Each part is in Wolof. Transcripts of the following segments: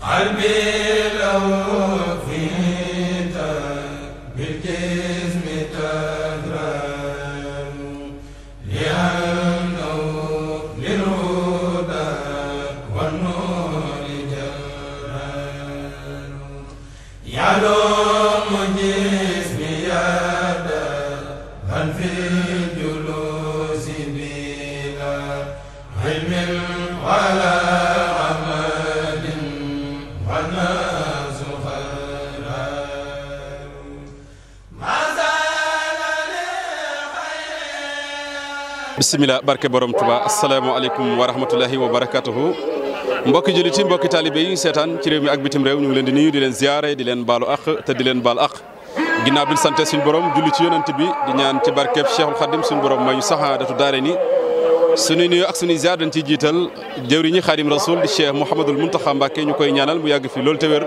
I'll be. bisimilah barke borom Tuba asalaamaaleykum wa rahmatullahi wa barakatuhu mbokki jullit yi mbokki taalibe yi seetaan ci réew mi ak bitim réew ñu ngi leen di nuyu di leen ziyaare di leen baalu ak te di leen baal ak ginnaaw bi ñu suñu borom julli ci yonent bi di ñaan ci barkeb Cheikhul Khadim suñu borom may ñu saxaadatu daare nuyu ak suñuy ziyaar dañ ciy jiital jëwriñi Xaadim Rasul di Cheikh Mouhamadul Mountakha Mbacké ñu koy ñaanal mu yàgg fi loolu te wér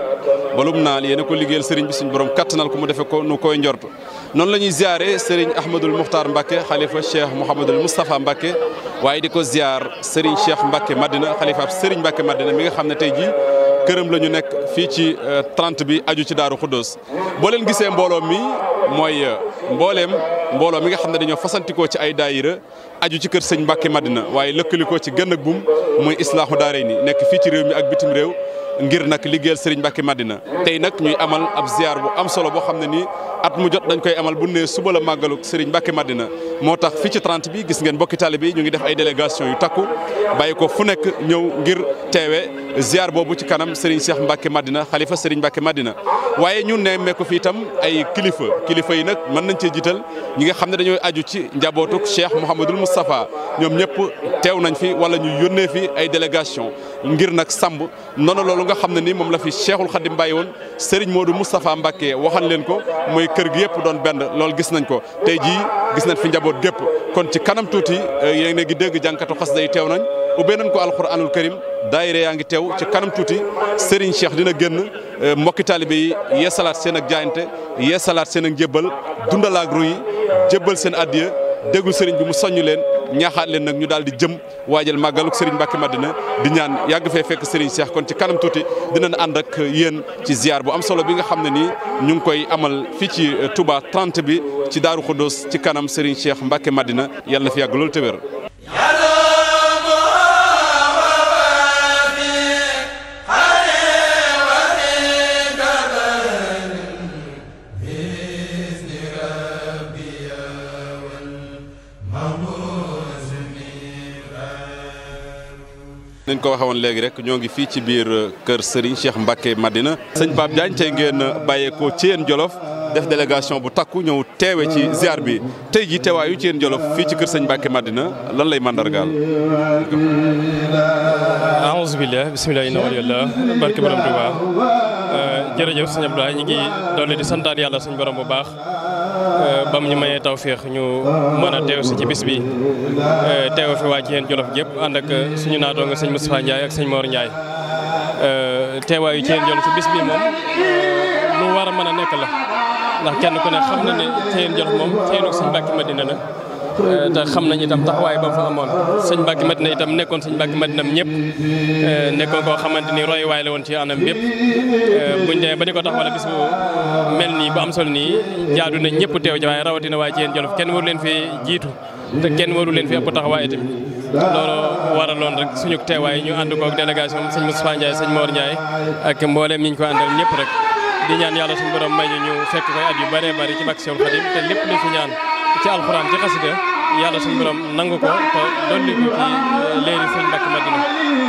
balum naal yéena ko liggéeyal sëriñ bi suñu borom kattanal ko mu defe nu koy njort non lañuy ziare Serigne Ahmadul Muxtaar Mbacke khalifa Cheikh Mouhamadul mustapha Mbacke waaye diko ziar Serigne Cheikh Mbacke Madina khalifa Serigne Mbacke Madina mi nga xamné tay ji kërëm lañu nek fi ci 30 bi aju ci daru Xuddoos bo len gisé mbolo mi moy mbooleem mbolo mi nga xamné dañu fassantiko ci ay daïra aju ci kër serigne Mbacke Madina waaye lekkeliko ci gën ak bum muy islaahu daarayni nek fi ci réew mi ak bitim réew. ngir nag liggéeyal Serigne Mbacké Madina tey nag ñuy amal ab ziar bu am solo boo xam ne nii at mu jot dañ koy amal bu ne suba la màggalu Serigne Mbacké Madina moo tax fii ci 30 bi gis ngeen bokki taalibe yi ñu ngi def ay délégation yu takku bàyyi ko fu nekk ñëw ngir teewe ziar boobu ci kanam Serigne Cheikh Mbacké Madina xalifa Serigne Mbacké Madina waaye ñu nemmee ko fi itam ay kilifa kilifa yi nag mën nañ cee jiital ñi nga xam ne dañooy aju ci njabootuk Cheikh Mouhamadul Moustapha ñoom ñëpp teew nañ fi wala ñu yónnee fi ay délégation ngir nag samb noonu loolu nga xam ne ni moom la fi Cheikhul Khadim bàyyi woon Serigne Modou Moustapha Mbacke waxan leen ko mooy kër gi yëpp doon benn loolu gis nañ ko tey jii gis nañ fi njaboot gépp kon ci kanam tuuti euh, yéen a ngi dégg jànkatu xas day teew nañ ubbee nañ ko alxuraanul karim daayira yaa ngi teew ci kanam tuuti Serigne Cheikh dina génn euh, mbokki taalibe yi yeesalaat seen ak jaayante yeesalaat seen ak njébbal dundalaak ruy jébbal seen addiya déglu Serigne bi mu soññ leen ñaaxaat leen nag ñu daal di jëm waajal màggaluk Serigne Mbacke Madina di ñaan yàgg fee fekk Serigne Cheikh kon ci kanam tuuti dinañ ànd ak yéen ci ziar bu am solo bi nga xam ne nii ñu ngi koy amal fii ci euh, Touba 30 bi ci Daaru Khoudous ci kanam Serigne Cheikh Mbacke Madina yàlla na fi yàgg loolu te nañ ko waxee woon léegi rek ñoo ngi fii ci biir euh, kër Serigne Cheikh Mbacké Madina sëñ Pape Diagne tey ngeen euh, bàyyeekoo ci yéen Jolof def délégation bu takku ñëw teewe ci ziar bi tey ji teewaayu ci yéen Jolof fii ci kër sañ Mbàkke Madina lan lay mandargaal ahousubillah bisimilah inna waliyallah barke borom Tuuba euh, jërëjëf sëñ Abdoulaye ñu ngi dolli di santaat yàlla suñu borom bu baax euh, bam ñu mayee tawféex ñu mën a teew si ci bis bi euh, teew fi waa ci yéen Jolof gépp ànd ak suñu naataango sëñ Moustapha Ndiaye ak sëñ Mor Ndiaye teewaayu ci yéen Jolof ci bis bi moom lu war mën a nekk la ndax kenn ku ne xam na ne Ceyeen Jolof moom Ceyeenug sëñ Mbàkke Madina la euh, te xam nañ itam taxawaay ba fa amoon sëñ Mbàkke Madina itam nekkoon suñ Mbàkke Madina ñëpp euh, nekkoon koo xamante ni roy waay woon ci anam yëpp euh, buñ demee ba di ko taxawal bis bu mel nii bu am solo nii jaadu na ñëpp teew ji waaye rawatina waaye Ceyeen Jolof kenn waru leen fi jiitu te kenn waru leen fi ëpp taxawaay itam loolu waraloon rek suñu teewaay ñu ànd koog délégation sëñ Moustapha Ndiaye sëñ Mor Ndiaye ak mboolem ñi ñu ko àndal ñëpp rek di ñaan yàlla suñu borom may ñu ñu fekk koy at yu ci bàkk Seexul te lépp lu ñaan ci alxuraan ci xasida yàlla suñu borom nangu ko te dolli ko ci euh, léeri sëñ Mbàkke Madina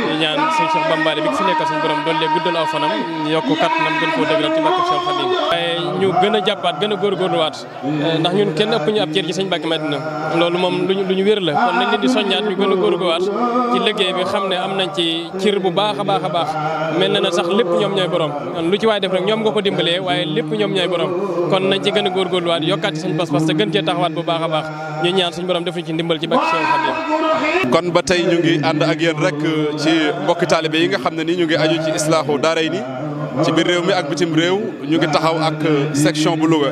ñu ñaan sëñ Cheikh Bambaali bi fi nekkal suñu borom dolli guddal aw fanam yokk kattanam gën koo dëgëral ci Mbàkke Cheikh Xadim waaye ñu gën a jàppaat gën a góorgóorluwaat euh, ndax ñun kenn ëpp ñu ab loolu moom luñ lu ñu wér la kon nañ leen di soññaat ñu gën a góorgóorluwaat ci liggéey bi xam ne am nañ ci cir bu baax a baax a baax mel na na sax lépp ñoom ñooy borom lu ci waay def rek ñoom nga ko dimbalee waaye lépp ñoom ñooy borom kon nañ ci gën a góorgóorluwaat yokkaat ci sëñ pas-pas te gën cee taxawaat a baax borom def ci ndimbal ci bàkki kon ba tey ñu ngi ànd ak yéen rek ci mbokki taalibe yi nga xam ne ni ñu ngi aju ci islaahu daaray ni ci biir réew mi ak bitim réew ñu ngi taxaw ak section bu Louga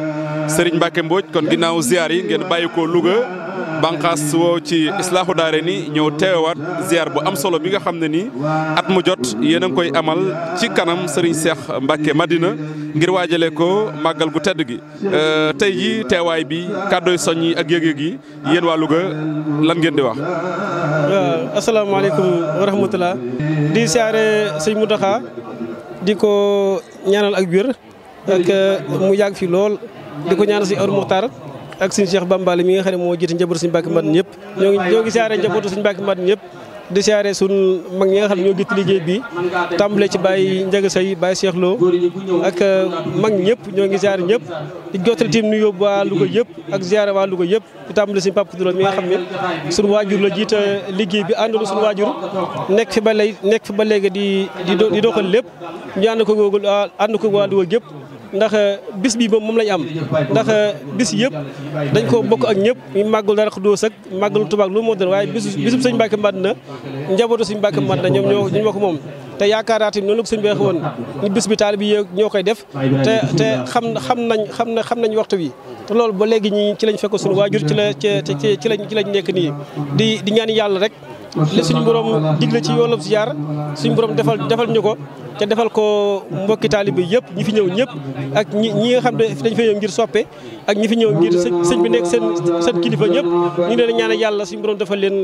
Serigne Mbacke Mbodj kon ginnaaw ziar yi ngeen bàyyi ko Louga bànqaas woo ci islaahu daare ni ñëw teewaat ziar bu am solo bi nga xam ne nii at mu jot yéen a ngi koy amal ci kanam Serigne Cheikh Mbacke màddina ngir waajale ko màggal gu tedd gi. Euh, tey jii teewaay bi kàddooy soññ yi ak yëg-yëg yi yéen waa Louga lan ngeen di wax. waaw asalaamaaleykum wa rahmatulah. di siyaare sëñ Mountakha di ko ñaanal ak wér ak euh, mu yàgg fi lool di ko ñaanal si Amadou Mokhtar. ak suñu Cheikh Bambali mi nga xam ne moo jiite njabootu suñu Mbàkke Madina ñëpp ñoo ngi ñoo ngi siyaare njabootu suñu Mbàkke Madina ñëpp di siyaare suñ mag ñi nga xam ne ñoo gitt liggéey bi tàmbale ci uh, ngi siyaare ñëpp di jottali tim nu yóbbu waa Louga yëpp ak siyaare waa Louga yëpp di tàmbale suñu Papa Dula mi nga xam ne suñu waajur la jiite liggéey bi àndoon suñu waajur nekk fi ba lay nekk fi ba léegi di di doxal lépp ñu ànd ko googu ànd ko waa ndax euh, bis bi moom lañ am ndax euh, bis yëpp dañ ko bokk ak ñëpp ñu màggul dara doo ak màggalu tubaab lu moo doon waaye bisu bisub sëñ Mbàkke Madina njabootu sëñ Mbàkke Madina ñoom ñoo ñu ma ko moom te yaakaaraati noonu la ko sëñ bi waxee woon ni bis bi taal bi ñoo koy def te te xam xam nañ xam na xam nañ waxtu bi te loolu ba léegi ñi ci lañ fekk suñu waajur ci la ci ci lañ ci lañ nekk nii di di ñaan yàlla rek li suñu borom digle ci yoonam ziar suñu borom defal defal ñu ko te defal ko mbokki taalibe yëpp ñi fi ñëw ñëpp ak ñi ñi nga xam ne dañ fa ñëw ngir soppe ak ñi fi ñëw ngir sëñ bi nekk seen seen kilifa ñëpp ñu ne leen ñaanal yàlla suñu borom defal leen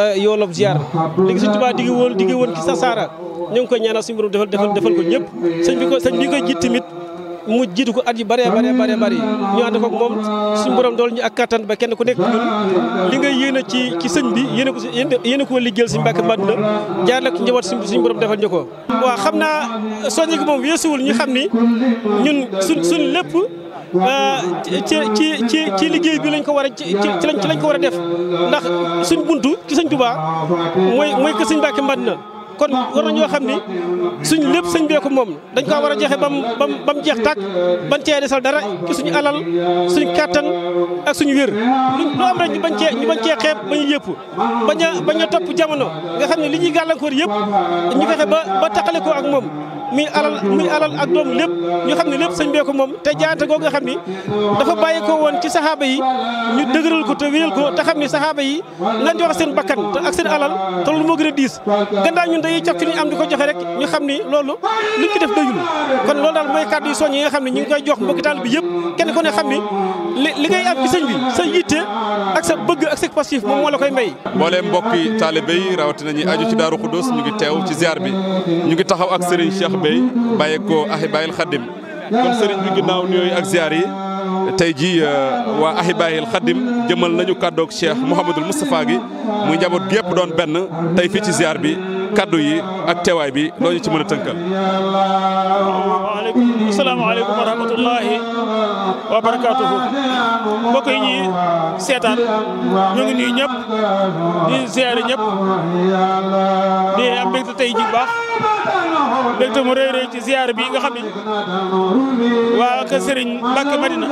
euh, yoolab ziar léegi suñ tubaab digg woon digg woon ci sasaara ñu ngi koy ñaanal suñu borom defal defal ko ñëpp sëñ bi koy jiit tamit mu jiitu ko at yu bëree bëree bëree bëri ñu ànd moom suñu borom dool ñu ak kattan ba kenn ko nekk ñun li nga yéene ci ci sëñ bi yéene ko yéene ko liggéeyal suñu Mbàkke Madina jaar la ko njaboot suñu borom defal ñu ko waaw xam naa soññi ko moom weesuwul ñu xam ni ñun suñ suñ lépp euh, ci ci ci ci liggéey bi lañ ko war a ci ci lañ ko war a def ndax suñ buntu ci sëñ Tuubaa mooy mooy que suñu Mbàkke Madina kon war nañoo xam ni suñu lépp sëñ bee ko moom dañ ko war a joxe bam bam ba mu jeex tàkk bañ cee desal dara ci suñu alal suñ kàttan ak suñu wér lu am rek ñu bañ cee ñu bañ cee xeeb ba ñu yëpp bañ a bañ a topp jamono nga xam ne li ñuy gàllankoor yëpp ñu fexe ba ba taxale ko ak moom muy alal muy alal ak doom lépp ñu xam ne lépp sëñ bee ko moom te jaata googu nga xam ni dafa bàyyi ko woon ci saxaaba yi ñu dëgëral ko te wéyal ko te xam ni saxaaba yi lan joxe seen bakkan te ak seen alal te loolu moo gën a diis gannaaw ñun dañuy caf ñu am di ko joxe rek ñu xam ni loolu luñ ko def doyul kon loolu daal mooy kàddu yi soññ nga xam ne ñu ngi koy jox mbokki taal bi yëpp kenn ku ne xam ni li li ngay am ci sëñ bi sa yitte ak sa bëgg ak sa passif moom moo la koy may ngi teew ci ziar bi ñu Bey bàyyi ko Ahibaahil Khadim kon sëriñ bi ginnaaw nuyooyu ak ziar yi tey jii euh, waa Ahibaahil Khadim jëmal nañu kàddoog Cheikh Mouhamadul Moustapha gi mu njaboot gi yëpp doon benn tey fii ci ziar bi kaddu yi ak teewaay bi loo ci mën a tënkal. waaleykum wa rahmatullahi wa barakaatuhu mbokk yi ñuy seetaan ñu ngi nuyu ñëpp di ziare ñëpp tey ji baax mbégte mu rëy rëy ci bi nga xam ne waa Madina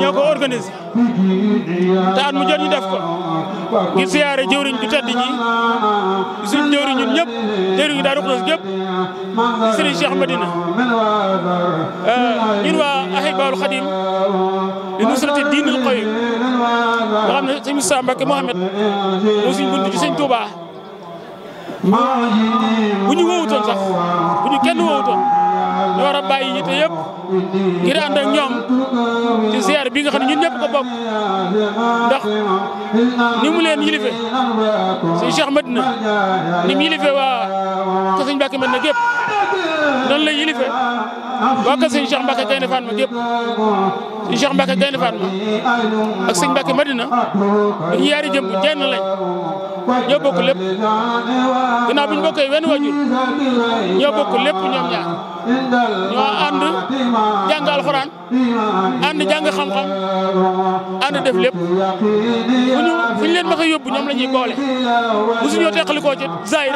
ñoo ko organisé te mu jot ñu def ko ngir ziare jëwriñ ju tedd ji suñu jëwriñ ñun ñëpp jëwriñ daa roklos gépp di Serigne Cheikh Madina euh, ñun waa Ahibahil Khadim di nusrati diinil qayyim nga xam ne sëñ Moussa Mbacke Mohamed moo suñu bunt ci sëñ bu ñu wowutoon sax bu ñu kenn wowutoon ñu war a bàyyi yitte yëpp ngir ànd ak ñoom ci ziar bi nga xam ne ñun ñëpp ko bokk ndax ni mu leen yilife si Cheikh Madina ni mu yilife waa ko sëñ Mbàkke Madina gépp noonu la yilife waa ko sëñ Cheikh Mbàkke Gaynde Fatma gépp suñu Cheikh Mbacke Gaynde Fatma ak sëñ Mbacke Madina dañuy yaari jëm jenn lañ ñoo bokk lépp ginnaaw bi ñu bokkee wenn wajur ñoo bokk lépp ñoom ñaar ñoo ànd jàng alxuraan ànd jàng xam-xam ànd def lépp bu ñu fu ñu leen ma koy yóbbu ñoom la ñuy boole bu suñoo teqalikoo ci zahir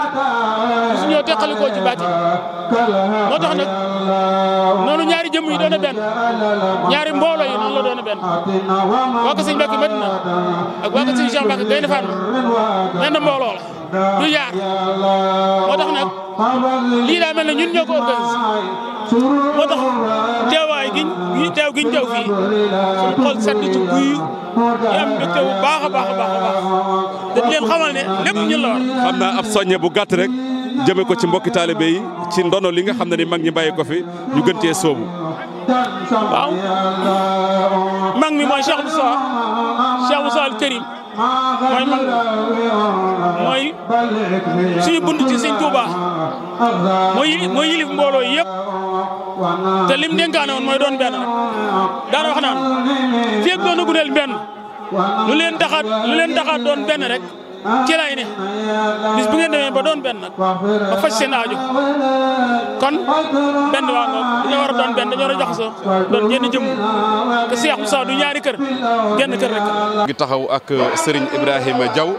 bu suñoo teqalikoo ci baatin moo tax nag noonu ñaari jëmm yi doon benn ñaari mbooloo mbooloo yi noonu la doon benn waa ko sëñ Mbàkke Madina ak waa ko sëñ Cheikh Mbàkke Gaynde Fatma yaar moo tax nag lii daa mel ne ñun ñoo ko organisé giñ ñu teew giñ teew fii suñu xol sedd ci guy yi am mbégte baax baax baax baax dañ leen xamal ne lépp ñun la war xam ab soññe bu gàtt rek jëme ko ci mbokki taalibe yi ci ndono li nga xam ne ni mag ñi bàyyi ko fi ñu gën cee sóobu. waaw mag mi mooy Cheikh Moussa ci Sëñ Tuuba mooy mooy yilif mbooloo yëpp te lim dénkaane woon mooy doon benn rek daana wax naan fii ak doon a gudeel benn lu leen taxaat lu leen taxaat doon benn rek ci ne bis bu ngeen demee ba doon benn nag ba faj seen aaju kon benn waa ngoog dañoo war a doon benn dañoo war a jaxasoo doon jenn jëmm te Cheikh Moussa du ñaari kër genn kër rek. ngi taxaw ak euh, Serigne Ibrahima Diaw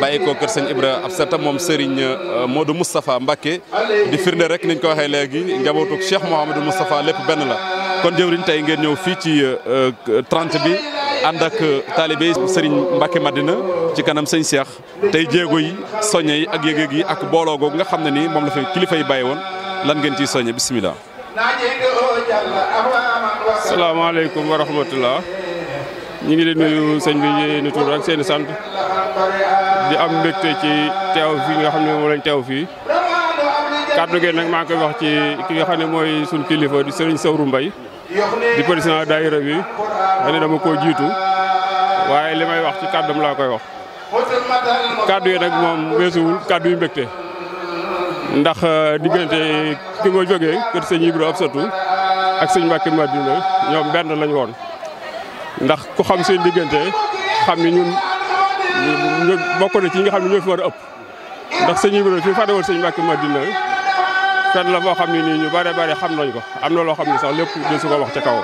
bàyyi ko kër Serigne Ibra ab tam moom Serigne euh, Modou Moustapha Mbacké di firnde rek niñ ko waxee léegi njabootu Cheikh Mouhamadou Moustapha lépp benn la kon jëwriñ tey ngeen ñëw fii ci euh, trent bi. ànd ak euh, taalibe sëriñ Mbacke Madina ci kanam sëñ Cheikh tey jéego yi soññe yi ak yëgeeg yi ak booloo googu nga xam ne nii moom la fi kilifa yi bàyyi woon lan ngeen ciy soññe bisimilah. salaamaaleykum wa rahmatullah ñu ngi leen nuyu sëñ bi yéen tur ak seen sant di am mbégte ci teew fii nga xam ne moom lañ teew fii kàddu geen nag maa ngi koy wax ci ki nga xam ne mooy suñu kilifa di sëriñ Sawru Mbay di président daayira bi ma ne dama koo jiitu waaye li may wax ci kàddam laa koy wax kàddu yi nag moom weesuwul kàddu yu mbégte ndax euh, diggante ki moo jógee kër sëñ Ibra Absatu ak sëñ Mbàkke Madina ñoom benn lañ woon ndax ko xam seen diggante xam yi ñun bokk na ci yi nga xam ne ñoo fi war a ëpp ndax sëñ Ibra fi fàddewoon sëñ Mbàkke Madina fen la boo xam ne nii ñu bare bare xam nañ ko am na loo xam ne sax lépp di su ko wax ca kaw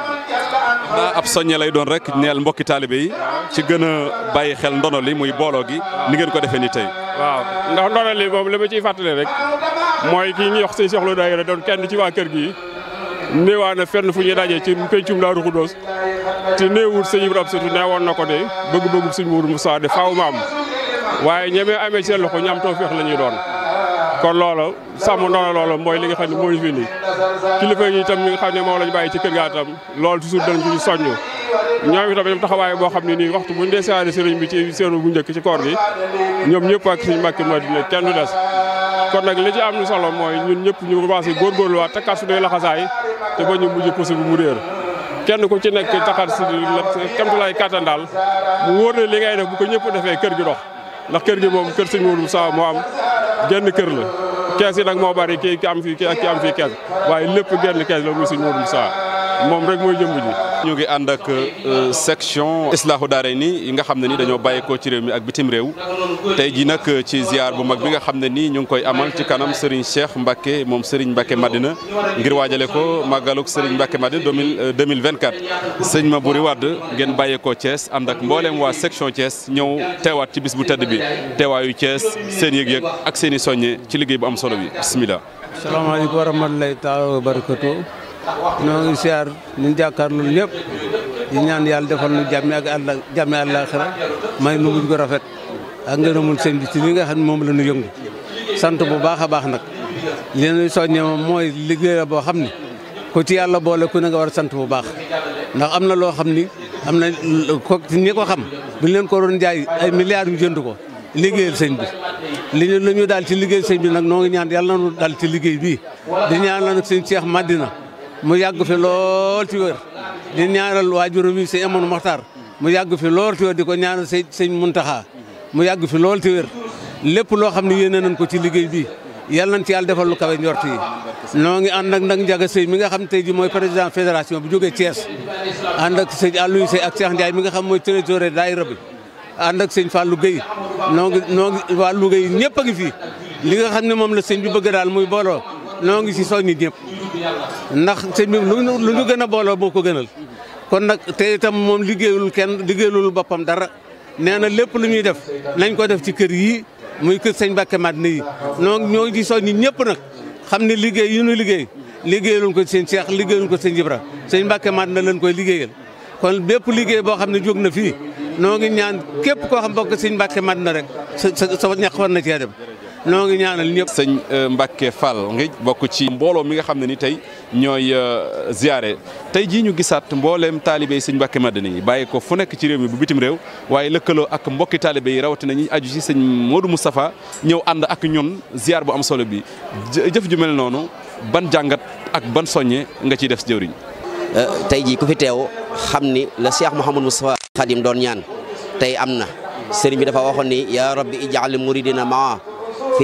naa ab soññe lay doon rek ñeel mbokki taalibe yi ci gën a bàyyi xel ndono li muy booloo gi ni ngeen ko defee ni tey waaw ndax ndono li moom li ciy fàttale rek mooy kii ñuy wax sëñ Cheikh Lo daayira doon kenn ci waa kër gi néewaa na fenn fu ñuy dajee ci pencum Daaru Xudóos te néewul sëñ Ibrahima surtout nee woon na ko de bëgg-bëggu suñ Mourou Moussa de faaw maam waaye ñemee amee seen loxo ñam tawfeex la ñuy doon kon loolu sàmm ndono loolu mooy li nga xam ne moo ñu fi indi kilifa yi itam ñi nga xam ne moom lañ bàyyi ci kër ga itam loolu toujours dañ ci soññu ñoom itam ñoom taxawaay boo xam ne nii waxtu buñ dee siyaare sëriñ bi ci seenu bu njëkk ci koor gi ñoom ñëpp ak suñu mbàkki Madina kenn du des kon nag li ci am solo mooy ñun ñëpp ñu commencé góorgóorluwaat takkaat suñuy laxasaay te ba ñu mujj posi bu mu réer kenn ku ci nekk taxaat si kemtulaay kàttan daal mu wóor na li ngay def bu ko ñëpp defee kër gi dox ndax kër gi moom kër sëñ Mourou saa moo genn kër la kees yi nag moo bari kii ki am fii kii ak ki am fii kees waaye lépp genn kees la muy suñu Modou moom rek mooy jëmb ji ñu ngi ànd ak euh, section Islaahu Daarayni yi nga xam ne ni dañoo bàyyeekoo ci réew mi ak bitim réew tey ji nag euh, ci ziar bu mag bi nga xam ne nii ñu ngi koy amal ci kanam seriñ Cheikh Mbacke moom Serigne Mbacke Madina ngir waajale ko màggaluk Serigne Mbacke Madina 2024. Euh, sëñ ma buri wadd ngeen bàyyeekoo Thiès ànd ak mbooleem waa section cees ñëw teewaat ci bis bu tedd bi teewaayu cees seen yëg-yëg ak seen i soññe ci liggéey bu am solo bi bisimilah. salaamaaleykum wa rahmatulahi ñoo ngi siyaar ñun jàkkaarloo ñëpp di ñaan yàlla defal nu jàmmi ak àlla jàmmi àllaaxira may nu mujj ko rafet ak ngërëmul sëñ bi ci li nga xam ne moom la ñu yëngu sant bu baax a baax nag li ñuy soññee moom mooy liggéey boo xam ne ku ci yàlla boole ku ne nga war a sant bu baax ndax am na loo xam ni am na ko ñi ko xam buñ leen ko doon jaay ay milliards yu jënd ko liggéeyal sëñ bi li ñu li ñu daal ci liggéey sëñ bi nag noo ngi ñaan yàlla na nu daal ci liggéey bii di ñaa la nag sëñ Cheikh mu yàgg fi lool ci wér di ñaanal waajur mi sëñ Amadou Mokhtar mu yàgg fi lool ti wér di ko ñaanal sëñ sëñ Muntaxa mu yàgg fi lool ti wér lépp loo xam ne yéene nañ ko ci liggéey bi yàlla nañ ci yàlla defal lu kawe njort yi noo ngi ànd ak nag Njaga Sëy mi nga xam tey ji mooy président fédération bi jógee Thiès ànd ak sëñ Aliou Sëy ak Cheikh Ndiaye mi nga xam mooy trésorier daayira bi ànd ak sëñ Fallou Gueye noo ngi noo ngi waa yi ñëpp a ngi fii li nga xam ne moom la sëñ bi bëgg daal muy booloo noo ngi si soññi ñëpp ndax sëñ bi lu ñu lu gën a booloo moo ko gënal. kon nag te itam moom liggéeyul kenn liggéeyul boppam dara nee na lépp lu ñuy def nañ ko def ci kër yii muy kër sëñ Mbàkke na yi ñoo ñoo ngi soñ ñi ñëpp nag xam ne liggéey yu ñu liggéey liggéeyaloon ko sëñ Cheikh liggéeyaloon ko sëñ Ibra sëñ Mbàkke na leen koy liggéeyal kon bépp liggéey boo xam ne jóg na fii noo ngi ñaan képp koo xam bokk sëñ Mbàkke na rek sa sa sa ñax war na cee dem noo ngi ñaanal ñëpp. sëñ euh, Mbacke Fall ngi bokk ci mbooloo mi nga xam ne ni tey ñooy euh, ziare tey jii ñu gisaat mbooleem taalibe yi sëñ Mbacke Madani yi bàyyi ko fu nekk ci réew mi bu bitim réew waaye lëkkaloo ak mbokki taalibe yi rawatina ñi aju ci sëñ Modou Moustapha ñëw ànd ak ñun ziar bu am solo bi jëf ju mel noonu ban jàngat ak ban soññe nga ciy def si jëwriñ. Euh, tey ji ku fi teew xam ni la Cheikh Mouhamadou Moustapha Khadim doon ñaan tey am na sëriñ bi dafa waxoon ni yaa rabbi ijaal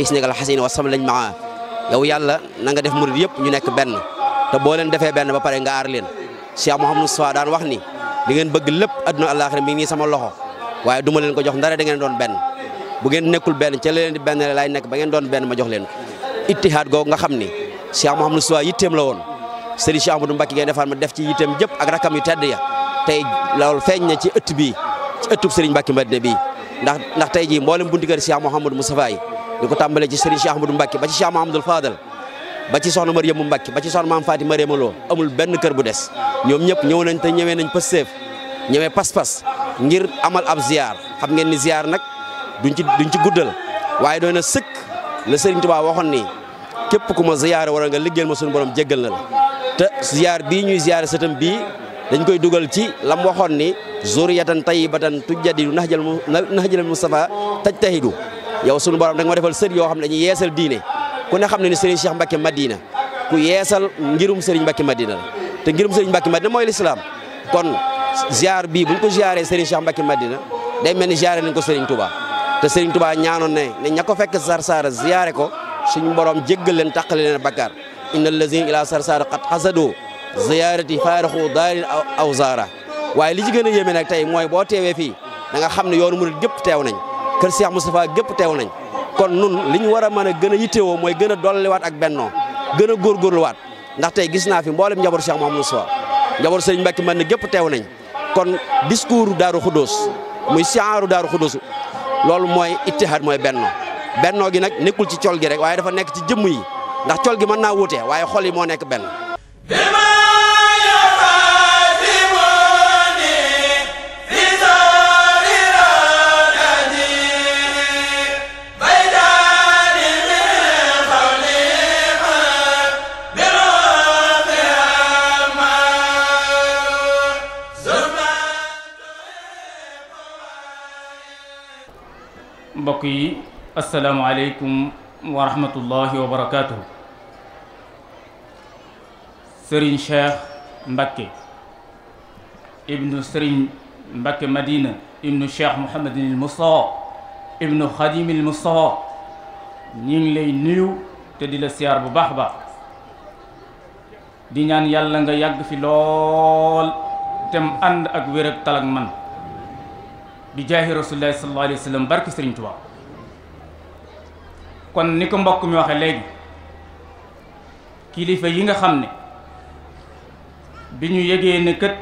senegal Sénégal wa wasam lañ ma yow yalla na nga def mourid yep ñu nek ben te bo len defé ben ba paré nga ar len Cheikh mohammed Sow daan wax ni li ngeen bëgg lépp adduna àllaaxira mi ngi sama loxo waye duma len ko jox ndara da ngeen doon ben bu ngeen nekkul ben ci leen di ben lay nek ba ngeen doon ben ma jox len ittihad go nga xamni Cheikh mohammed Sow yittem la won Serigne Cheikh Amadou Mbacke ngeen defal ma def ci yittem jep ak rakam yu tedd ya tay loolu feñ na ci eut bi ci ëttub Serigne Mbacke Madina bi ndax ndax tay ji mbolam buntu kër Cheikh mohammed Moustapha yi li ko tàmbalee ci Serigne Cheikh Ahmadou Mbacke ba ci Cheikh Mahamadou Fadal ba ci soxna Mariamu Mbacke Faati Mariama Lo amul benn kër bu des ñoom ñëpp ñëw nañ te ñëwee nañ pësteef ñëwee pas-pas ngir amal ab ziar xam ngeen ni ziar nag duñ ci duñ ci guddal waaye doy na sëkk la Serigne Touba waxoon ni képp ku ma ziyaare war nga liggéey ma suñu borom jéggal la te ziar bii ñuy ziare sëtam bii dañ koy dugal ci lam waxoon ni ya tan tan ba na zuriyatan tayyibatan tujjadidu nahjal nahjal Mustafa tajtahidu yow sunu borom dag ma defal seur yo xam dañuy yeesal diine ku ne xam ne ni Serigne Cheikh mbake Madina ku yeesal ngirum Serigne mbake Madina te ngirum Serigne mbake Madina moy l'islam kon ziar bi buñ ko ziaré Serigne Cheikh mbake Madina day melni ziaré ziaree nañ ko Serigne Touba te Serigne Touba ñaanon ne ne ñako fekk sar sar ziare ko suñu borom jéggal leen takal leen bakkar inna allazina ila sar sar qad hasadu ziyarati farahu daarin aw zaara waaye li ci gëna yéme nak tay moy bo téwé fi da nga xamni ne yoonu murid gépp téw nañ kër Cheikh Moustapha gépp teew nañ kon nun li ñu war a mën a gën a yittewoo mooy gën a waat ak bennoo gën a góorgóorluwaat ndax tey gis naa fi mboolem njaboot Cheikh Mouhamadou Moustapha njaboot Sëriñ Mbacke man ne gépp teew nañ kon discours daaru xudóos muy siaaru daaru xudóos loolu mooy ittihaad mooy bennoo bennoo gi nag nekkul ci col gi rek waaye dafa nekk ci jëmm yi ndax col gi mën naa wuute waaye xol yi moo nekk benn asalaamualeykum wa rahmatullahi wa barakaatuhu sëriñ cheikh mbakke ibnu sëriñ mbakke madina ibnu cheikh mouhamadinil moustapha ibnu xadimil moustapha ñu ngi lay nuyu te di la siyaar bu baax baax di ñaan yàlla nga yàgg fi lool te mu ànd ak wér ak tal ak man bi jaahi rasulillahi sallallahu alayhi wa sallam barki sëriñ Tuubaa kon ni ko mbokk mi waxe léegi kilifa yi nga xam ne bi ñu yëgee ne kët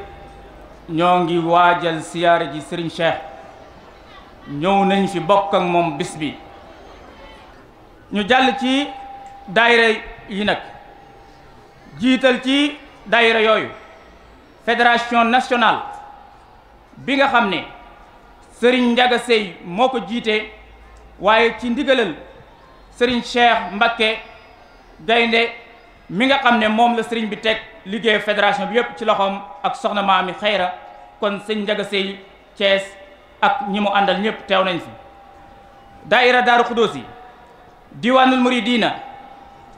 ñoo ngi waajal siyaare ji sëriñ Cheikh ñëw nañ fi bokk ak moom bis bi ñu jàll ci daayira yi nag jiital ci daayira yooyu fédération nationale bi nga xam ne sëriñ Ndiaga Sey moo ko jiite waaye ci ndigalal sëriñ Cheikh Mbacké gaynde mi nga xam ne moom la sëriñ bi teg liggéey fédération bi yépp ci loxoom ak soxna maami xayra kon sëñ Ndiaga Seye Thiès ak ñi mu àndal ñëpp teew nañ fi daaira daaru xudóos yi diiwaanul muridina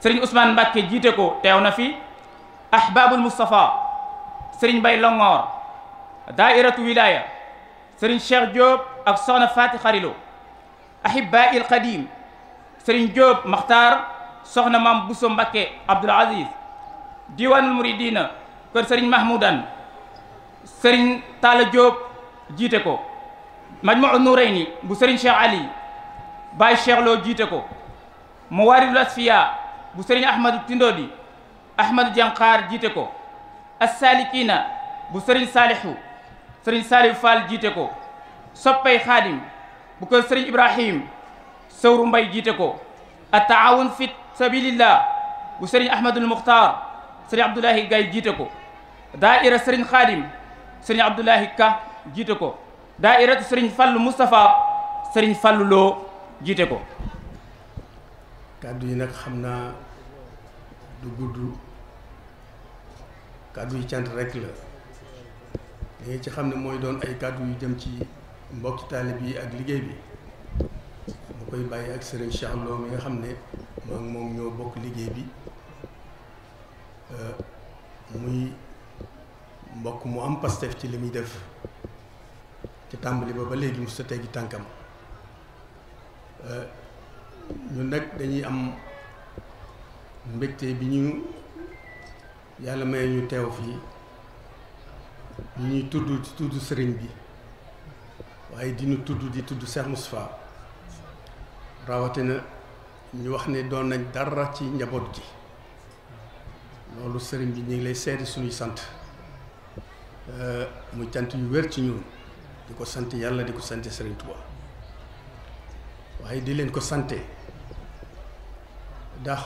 sëriñ Ousmane Mbacké jiite ko teew na fi ahbabul Moustapha sëriñ Bay Longoor daairatu wilaya sëriñ Cheikh Diop ak soxna Fati Xarilo ahibbail Qadim sëriñ Diop Makhtar soxna maam Bousso Mbakke Abdoul Aziz diwaanul kër sëriñ Mahmoudan sëriñ Talla Diop jiite ko Majmuu Nourayni bu sëriñ Cheikh Ali Baye Cheikh Lo jiite ko Mawaaridul Asfiya bu sëriñ Ahmadou Tindodi Ahmadou Diankhar jiite ko Assalikina bu sëriñ Saalihu sëriñ Saalihu Fall jiite ko soppay Xaadim bu kër sëriñ Ibrahim sëwru mbay jiite ko at taawun fi sabilillah bu sëriñ ahmadul muxtaar sëriñ abdoulahi gay jiite ko daaira sëriñ xaadim sëriñ abdoulahi ka jiite ko daairatu sëriñ fàllu moustapha sëriñ fàllu loo jiite ko kàddu yi nag xam naa du gudd kàddu yi cant rek la li ci xam ne mooy doon ay kàddu yu jëm ci mbokki taalib yi ak liggéey bi koy baye ak serigne Cheikh Lo mi nga xamné moom ñoo bokk liggéey bi euh, muy mbokk mu am pastef ci limi def ci tambali ba ba légui mu gi tankam euh ñu dañuy am bi ñu may ñu ci rawatina ñu wax ne doon nañ dara ci njaboot ji loolu sëriñ bi ñu ngi lay seeti suñuy sant euh, muy cant yu wér ci ñun di ko sant yàlla di ko sante sëriñ Tuubaa waaye di leen ko sante ndax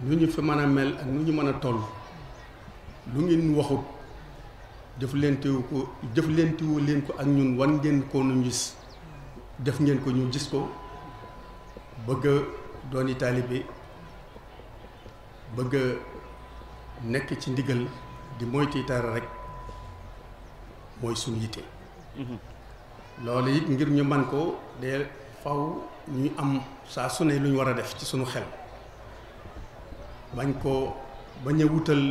nu ñu fi mën a mel ak nu ñu mën a toll lu ngeen waxut jëflantewu ko jëflantewu leen ko ak ñun wan ngeen ko nu gis def ngeen ko ñu gis ko bëgg a dooni taalibe bëgg nekk ci ndigal di moytu taara rekk mooy suñu yitte mhm. loolu it ngir ñu man ko de faw ñu am saa su ne lu war a def ci suñu xel bañ koo bañ wutal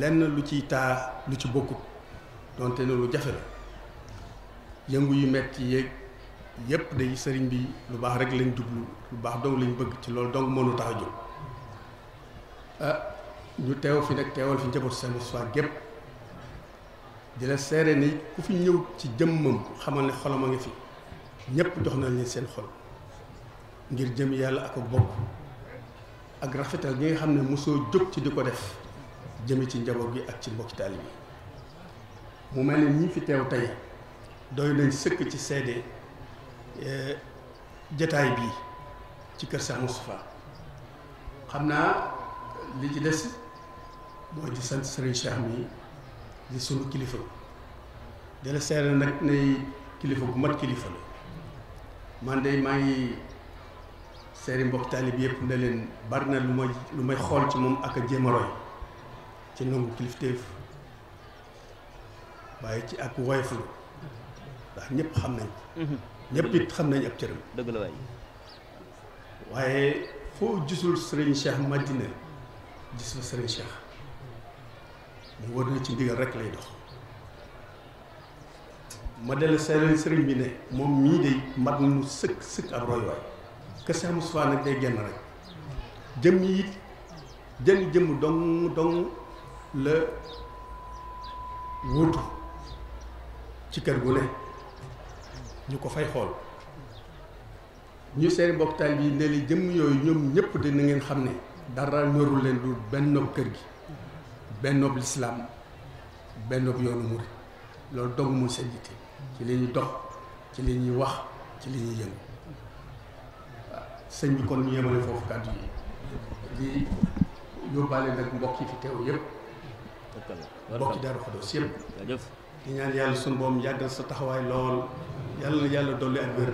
lenn lu ciy taa lu ci bokkut donte ne lu jafe la yëngu yu metti yéeg yépp day sëriñ bi lu baax rek lañ jublu lu baax dong lañu bëgg ci loolu dong mënu tax a jóg ah, ñu teew fi nag teewal fi njaboot seen Moustapha gépp di la seere ni ku fi ñëw ci jëmmam xamal ne xolam a ngi fi ñépp jox na seen xol ngir jëm yàlla ak bokk ak rafetal gi nga xam ne mosoo jóg ci di ko def jëme ci njaboot bi ak ci mbokki taalibe bi mu mel ne ñi fi teew tey doy nañ sëkk ci seede Eh, jataay bii ci kër Cheikh Moustapha xam naa li ci des mooy di sant Serigne Cheikh mi di sunu kilifa di la seere nag ne kilifa bu mat kilifa la man de maa ngi seeri mbokk taalib yëpp ne leen bari na lu may lu may xool ci moom ak a jéem ci nangu kilifteef waaye ci ak woyoflu ndax ñëpp xam nañ ñëpp it xam nañ ab cëram. dëgg waaye foo gisul sëriñ Cheikh Madina gis fa sëriñ Cheikh mu wër na ci ndigal rek lay dox ma dellu seen sëriñ bi ne moom mii day mat nu sëkk sëkk ab roy waay que Cheikh Moustapha nag day genn rek jëm yi it jën jëm dong dong la wuutu ci kër gu ne. ñu ko fay xool ñu seen bokk taalibe yi ne li jëmm yooyu ñoom ñëpp dina ngeen xam ne dara ñorul leen du bennob kër gi bennob lislaam bennob yoonu murit loolu dog muy seen yitte ci li ñuy dox ci li ñuy wax ci li ñuy yëngu sëñ bi kon ñu yemale foofu kàddu yi di yóbbaale nag mbokk yi fi teew yëpp mbokk yi Daaru Xudoos yëpp di ñaan yàlla sunu boom yàggal sa taxawaay lool yàlla na yàlla dolli ak wér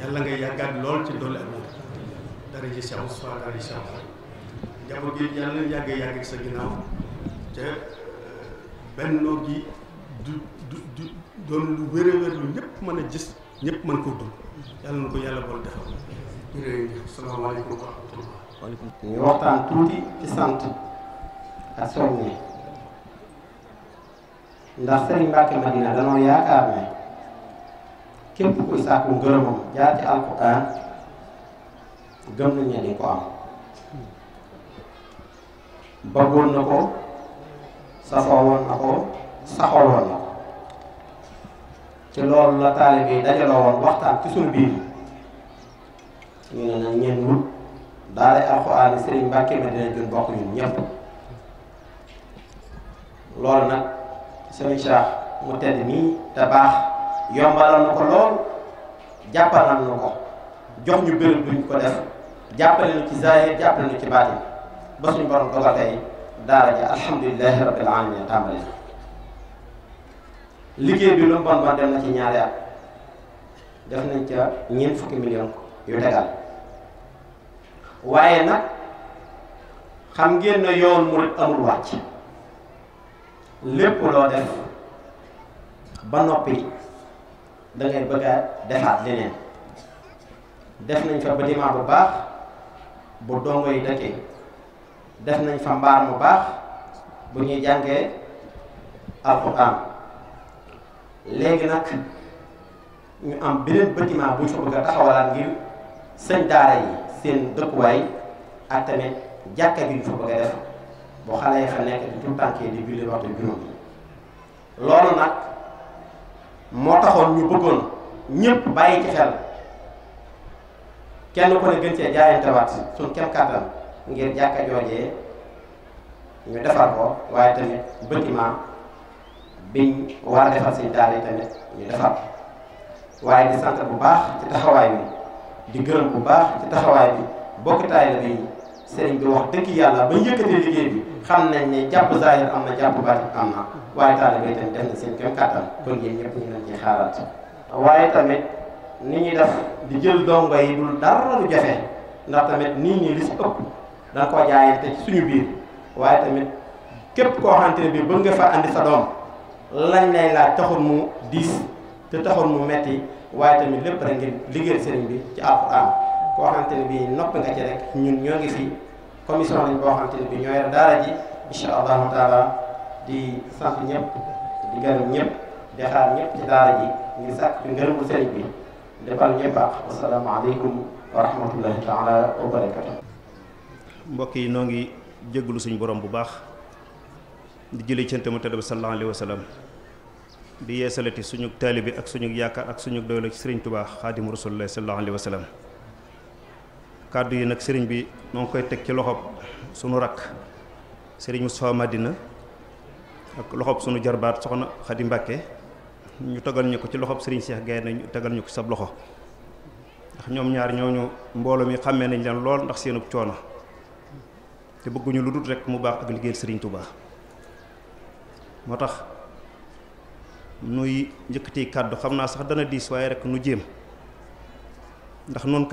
yàlla ngay yàggaat lool ci dolli ak wér dara ji sew soit njaboot gi yàlla na yàgg yàgg sa ginnaaw te euh, bennoo gi du du doon lu wér a lu ñëpp mën a gis ñëpp mën koo dund yàlla na ko yàlla bool defal jërëjëf salaamaaleykum wa rahmatullah waaleykum ñu waxtaan tuuti ci sant ak soññee ndax Serigne Mbacke Madina danoo yaakaar ne képp kuy sàkku ngërëmam jaar ci alquran gëm nañ ne di ko am bëggoon na ko safoo na ko saxoo woon na ko ci loolu la taalibe yi dajaloo woon waxtaan ci sunu biir ñu ne nag ñeen wut daal di alquran Serigne Mbacke ma dina jun bokk ñun ñëpp loolu nag Serigne Cheikh mu tedd nii te baax yombalal na ko lool jàppalal na ko jox ñu béréb bu ñu ko def jàppale na ci zaahir jàppale na ci baatin ba suñu borom dogal tey daara ja alhamdulilahi rabbil alamin tàmbali na liggéey bi lu mu bon bon na ci ñaari at def nañ ca ñeent fukki million yu tegal waaye nag xam ngeen ne yoon murid amul wàcc lépp loo def ba noppi da ngay bëgg a defaat leneen def nañ fa bâtiment bu baax bu dongo yi dëkkee def nañ fa mbaar mu baax bu ñuy jàngee alxuraan léegi nag ñu am beneen bâtiment bu ñu fa bëgg a taxawalaat ngir sëñ daara yi seen dëkkuwaay ak tamit jàkka bi ñu fa bëgg a def bu xale yi fa nekk di tout tànkee di julli waxtu juróom loolu nag moo taxoon ñu bëggoon ñëpp bàyyi ci xel kenn ku ne gën cee jaayante waat suñ kem kàttan ngir jàkka joojee ñu defar ko waaye tamit bâtiment biñ war a defar si daal yi tamit ñu defar ko waaye di sant bu baax ci taxawaay bi di gërël bu baax ci taxawaay bi bokkitaay la bi sëriñ bi wax dëgg yàlla ba yëkkatee liggéey bi xam nañ ni jàpp zahir am na jàpp baatin am na waaye taalibe itam def na seen kéem kàttan kon yéen ñëpp ñu leen ci xaaraat waaye tamit ni ñuy def di jël dongo yi dul dara tamit nii ñi li si ëpp dana ko jaayante suñu biir waaye tamit képp koo xamante ne bii bëgg nga fa andi sa doom lañ lay laaj taxul mu diis te taxul mu metti waaye tamit lépp rek ngeen liggéeyal sëriñ bi ci alxuraan koo xamante ne bii noppi nga ci rek ñun ñoo ngi fi commission lañ boo xamante ne bi ñoo yor daara ji incha allahu taala di sant ñëpp di gërëm ñëpp di xaar ñëpp ci daara ji ngir sàkk ci ngërëmul sëriñ bi defal ñëpp ak wasalaamaaleykum wa rahmatullahi yi noo ngi jégalu suñu borom bu baax di jëlee cant mu tedd bi sallallahu alayhi wa sallam di yeesalati suñu taalibi ak suñu yaakaar ak suñu doole ci sëriñ Tuubaa xaadimu rasulillahi sallallahu alayhi wa kàddu yi nag sëriñ bi noo koy teg ci loxob sunu rakk sëriñ soo màddina ak loxob sunu jarbaat soxna Xadi Mbàkke ñu tegal ñu ko ci loxob sëriñ Cheikh Gaye ñu tegal ñu ko ci sab loxo ndax ñoom ñaar ñooñu mbooloo mi xàmmee nañ leen lool ndax seenub coono te bëgguñu lu dul rekk mu baax ak liggéeyal sëriñ Touba moo tax nuy njëkkati kàddu xam naa sax dana diis waaye rek nu jéem ndax noonu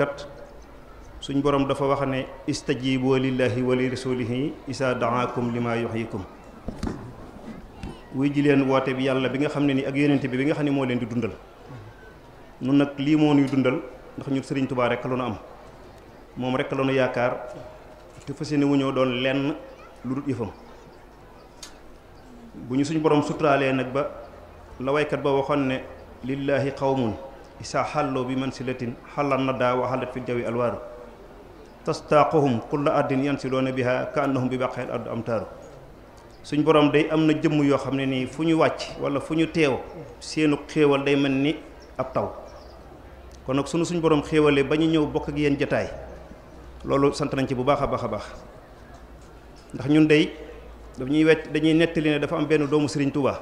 suñ borom dafa wax ne istajibu lillahi wa li rasulihi isa daakum lima yuhyikum wuy ji leen woote bi yàlla bi nga xam ne ni ak yonente bi bi nga xam ne moo di dundal nun nag lii moo ñuy dundal ndax ñun sëriñ tubaa rek la nu am moom rek la nu yaakaar te fas yéene doon lenn lu dul yëfam bu ñu suñ borom suturaalee nag ba la waykat ba waxoon ne lillaahi qawmun isa xàlloo bi mansilatin xàllan na daa waxalat fi jawi alwaaru tastaquhum kullu adin yansiluna biha ka annahum bi baqeel ardu amtar suñ borom day am jëm jëmm xamne ni fuñu wacc wala fuñu ñu teew seenu xewal day melni ab taw kon nak sunu suñ borom xewale bañu ñew bokk ak yeen jotaay lolu sant nañ ci bu baaxa baaxa baax ndax ñun day dañuy wet dañuy netti ne dafa am benn doomu Serigne Touba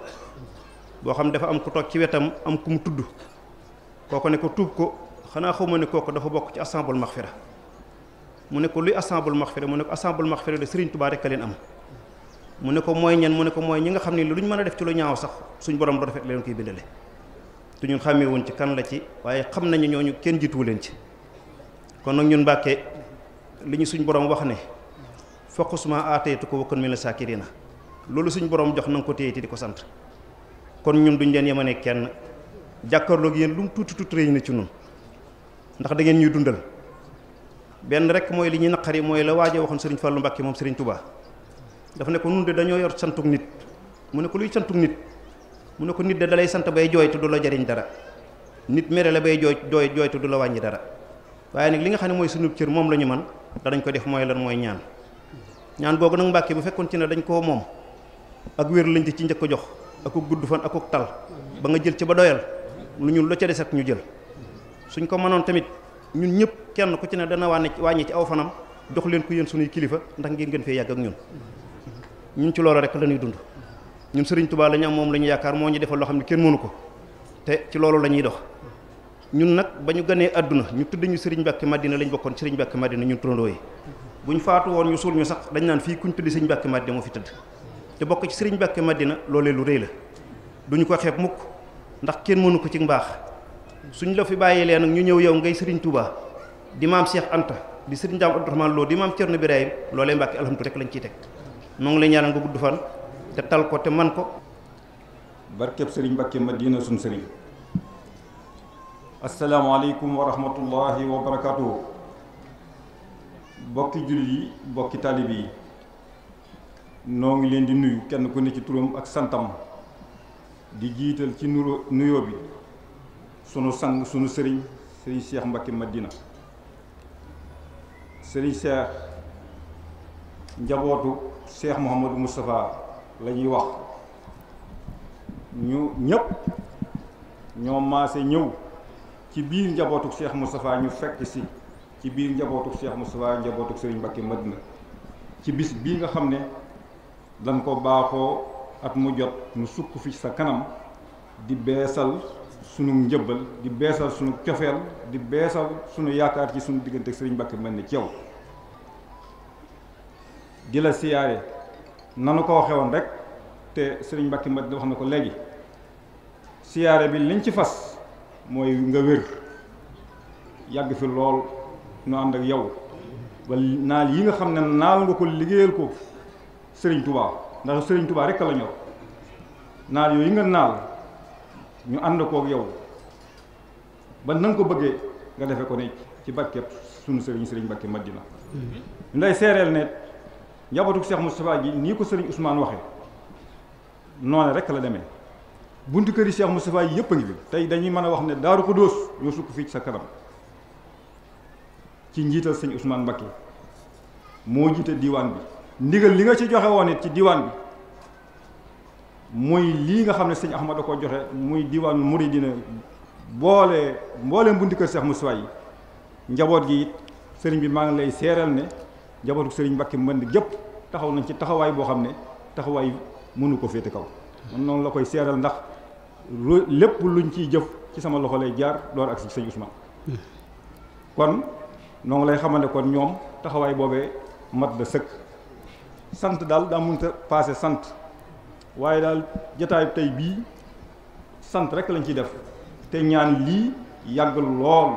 bo xam dafa am ku tok ci wetam am ku mu tudd kooko ne ko tuub ko xana xawma ne koko dafa bok ci assemble maxfira mu ne ko luy assemble maxfira mu ne ko assemble maxfira de Serigne Touba rek a leen am mu ne ko mooy ñan mu ne ko mooy ñi nga xam ne lu ñu mën a def ci lu ñaaw sax suñ borom lu rafet leen koy bindale te ñun xàmmee woon ci kan la ci waaye xam nañu ñooñu kenn jiituwu leen ci kon nag ñun Mbàkke li ñu suñ borom wax ne faqusma aataytu ko wakkun mina saakirina loolu suñ borom jox na ko téye di ko sant kon ñun duñ leen yemane kenn jàkkaarloog yéen lu mu tuuti tuuti rëy na ci ñun ndax da ngeen ñuy dundal. ben rek moy li ñi nakari moy la waaje waxon serigne fallu Mbacké mom serigne Touba dafa ne ko yor santuk nit mu ne ko luy santuk nit mu ne ko nit de dalay sant bay joy te jariñ dara nit mere la bay joy joy joy te la dara waye nak li nga xam moy mooy sunu cër moom la ñu man danañ ko def moy lan moy ñaan ñaan googu nak Mbacké bu fekkon ci na dañ ko mom ak wër lañ ci ko jox ak gudd fan ak tal ba nga jël ci ba doyal lu ñu lu ca ak ñu jël suñ ko tamit ñun ñëpp kenn ku ci ne dana wàññi wàññi ci aw fanam jox leen ko yéen sunuy kilifa ndax ngeen gën fee yàgg ak ñun ñun ci loolu rek la dund ñun Serigne Touba la ñu am moom la yaakaar moo ñu defal loo xam ne kenn mënu ko te ci loolu la ñuy dox ñun nag ba ñu gënee adduna ñu tudd ñu Serigne Mbacke Madina lañ bokkoon Serigne Mbacke Madina ñun turandoo yi buñ faatu woon ñu suul ñu sax dañ naan fii kuñ tudd Serigne Mbacke Madina moo fi tëdd te bokk ci Serigne Mbacke Madina loolee lu rëy la duñu ko xeeb mukk ndax kenn mënu ko ci mbaax suñ la fi bàyyi leen nag ñu ñëw yow ngay serigne Touba di mam Cheikh Anta di jam Daam Abdourahmane Lo di maam Cerno ibrahim lolé mbacké alhamdu rek lañ ci tek mo ngi lay ñaanal nga gudd fan té tal ko té man ko barké serigne mbacké Madina serigne assalamu alaykum wa rahmatullahi wa barakatuh bokki julli yi bokki talib yi no ngi len di nuyu kenn ku ne ci turum ak santam di jital ci nuyo bi sunu sang sunu sëriñ sëriñ Cheikh Mbacké Madina sëriñ Cheikh njabootu Cheikh Mouhamadou Moustapha lañuy wax ñu ñëpp ñoo maase ñëw ci biir njabootu Cheikh Moustapha ñu fekk si ci biir njabootu Cheikh Moustapha njabootu sëriñ mbakki Madina ci bis bi nga xam ne dañ ko baaxoo at mu jot mu sukk fi sa kanam di beesal sunu njëbbal di beesal sunu cofeel di beesal sunu yaakaar ci sunu diggante ak sëriñ Mbàkke mel ni ci yow di la siyaare nanu ko waxee woon rek te sëriñ Mbàkke mat wax na ko léegi siyaare bi liñ ci fas mooy nga wér yàgg fi lool nu ànd ak yow ba naan yi nga xam ne naal nga ko liggéeyal ko sëriñ Touba ndax sëriñ Touba rek la ñor naal yooyu nga naal ñu ànd kook yow ba na ko bëggee nga defe ko ne ci barkeb sunu sëriñ sëriñ Mbàkke Madina mhm. ñu lay seereel ne njabootu Cheikh Moustapha gi nii ko sëriñ usmaan waxe noone rek la demee buntu këri yi Cheikh Moustapha yi yëpp a ngi fi tey dañuy mën a wax ne Daaru ko Xudóos ñoo sukk fii ci sa kanam ci njiital sëñ usmaan Mbacke moo jiite diwaan bi ndigal li nga ci joxe woon it ci diwaan bi muy lii nga xam ne sëñ Ahmad da ko joxe muy diwaanu dina boole mbooleem bunti kër Seex Muusaa yi njaboot gi it sëriñ bi maa ngi lay seeral ne njabootu sëriñ Mbàkke Mbënd jëpp taxaw nañ ci taxawaay boo xam ne taxawaay mënu ko féete kaw man noonu la koy seeral ndax lépp luñ ciy jëf ci sama loxo lay jaar door ak si sëñ Ousmane kon noonu lay xamante kon ñoom taxawaay boobe mat da sëkk sant daal daa mënta paase sant waaye daal jotaayu tey bii sant rek lañ ciy def te ñaan lii yàgg lool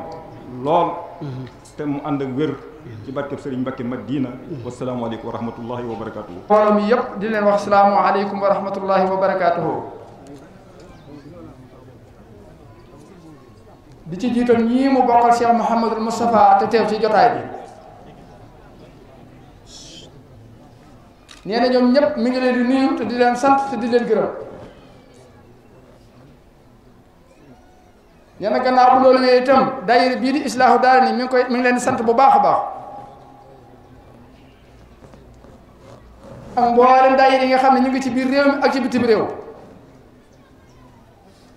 lool mm-hmm. te mu ànd ak wér mm-hmm. ci barkeb Sëriñ Mbakke Madina mm-hmm. wasalaamaaleykum wa rahmatullahi wa barakatuhu mbooloo mi yëpp di leen wax salaamualeykum wa rahmatullahi wa barakatuhu di ci jiital ñii mu bokkal Cheikh Mouhamadul Moustapha te teew ci jotaay bi nee na ñoom ñëpp mi ngi leen di nuyu te di leen sant te di leen gërëm nee na gannaaw bu loolu wee itam daayira bii di islaahu daara ni mi ngi koy mi ngi leen di sant bu baax a baax ak mboolem daayira yi nga xam ne ñu ngi ci biir réew mi ak ci bitim réew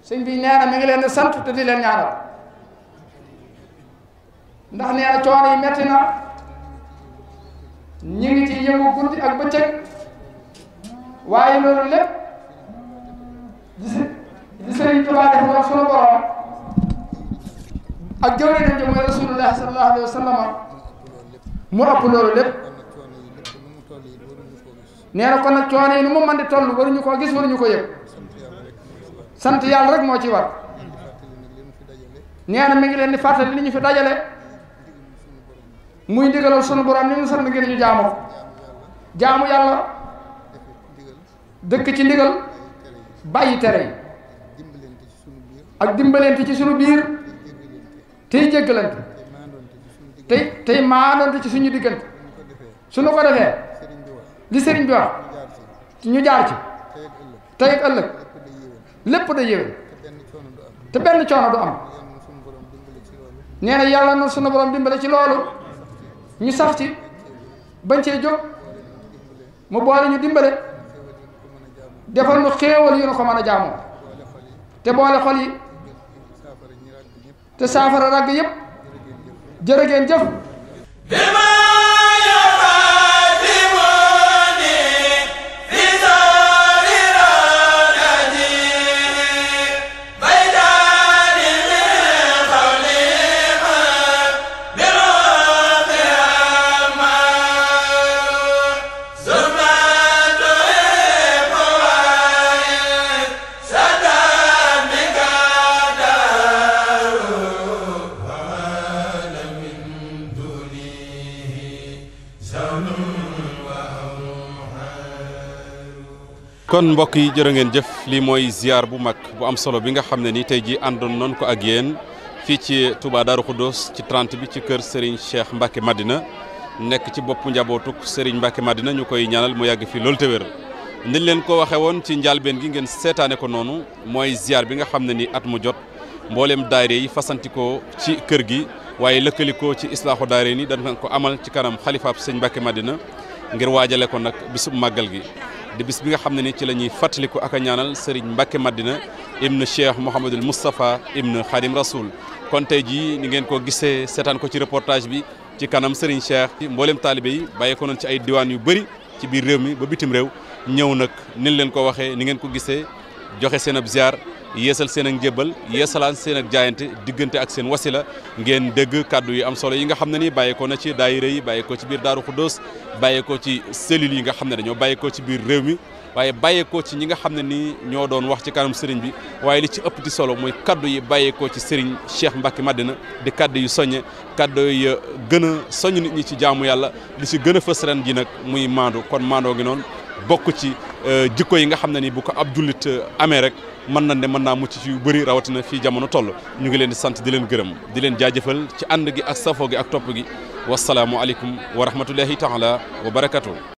sëñ bi nee na ngi leen di sant te di leen ñaanal ndax nee na coono yi metti na ñu ngi ci yëngu guddi ak bëccëg waaye loolu lépp di Sëriñ Tuubaa def moom sunu borom ak jëwriñam ji mooy rasulullah sallallahu alayhi wa mu ëpp lépp nee na kon nag coono yi nu mu mën di toll waruñu koo gis waruñu ko yëg sant yàlla rek moo ci war nee na mi ngi leen di fàttali li ñu fi dajale. muy ndigalal sunu borom li mu sant ngir ñu jaamu jaamu yàlla dëkk ci ndigal bàyyi tere yi ak dimbalante ci sunu biir tey jéggalante tey tey maandoonte ci suñu diggante suñu ko defee li sëriñ bi wax ñu jaar ci tey ak ëllëg lépp da yéwén te benn coono du am nee na yàlla na sunu borom dimbale ci loolu ñu sax ci bañ cee jóg mu boole ñu dimbale defal nu xéewal yu nu ko mën a jaamoo te boole xol yi te saafara ràgg yëpp jërëgeen jëf kon mbokk yi jërë ngeen jëf lii mooy ziar bu mag bu am solo bi nga xam ne ni tey jii àndoon noon ko ak yéen fii ci Touba Darou Khoudoss ci 30 bi ci kër Serigne Cheikh Mbacke Madina nekk ci boppu njabootuk Serigne Mbacke Madina ñu koy ñaanal mu yàgg fi loolu te wér niñ leen ko waxee woon ci njaalbeen gi ngeen seetaane ko noonu mooy ziar bi nga xam ne ni at mu jot mbooleem daayre yi fasantikoo ci kër gi waaye lëkkalikoo ci islaaxu daayre ni dañ ko amal ci kanam xalifaab Serigne Mbacke Madina ngir waajale ko nag bisub màggal gi di bi nga xam ne ni ci la ñuy ko ak a ñaanal Serigne Mbacke Madina ibn Cheikh Mouhamadul Moustapha ibn Khadim Rasoul kon tey jii ni ngeen ko gisee seetaan ko ci reportage bi ci kanam Serigne Cheikh mboolem taalibe yi bàyyi ko ci ay diwaan yu bëri ci biir réew mi ba bitim réew ñëw nag nin leen ko waxee ni ngeen ko gisee joxe seen ab ziar yeesal seen ak njébbal yeesalaan seen ak jaayante diggante ak seen wasila ngeen dégg kàddu yi am solo yi nga xam ne ni bàyyeekoo na ci daayira yi bàyyeekoo ci biir Daaru Xuddoos bàyyeekoo ci cellules yi nga xam ne dañoo bàyyeekoo ci biir réew mi waaye bàyyeekoo ci ñi nga xam ne nii ñoo doon wax ci kanam sëriñ bi waaye li ci ëpp di solo mooy kaddu yi bàyyeekoo ci sëriñ Cheikh Mbacke Madina di kàddu yu soññe kaddu yi gën a soññ nit ñi ci jaamu yàlla li ci gën a fës ren ji nag muy maandu kon maandoo ngi noonu bokk ci euh, jikko yi nga xam ne ni bu ko ab jullit euh, amee rek mën na ne mën naa mucc ci yu bëri rawatina fii jamono toll ñu ngi leen di sant di leen gërëm di leen jaajëfal ci ànd gi ak safoo gi ak topp gi wasalaamualeykum wa rahmatullahi taala wa barakatu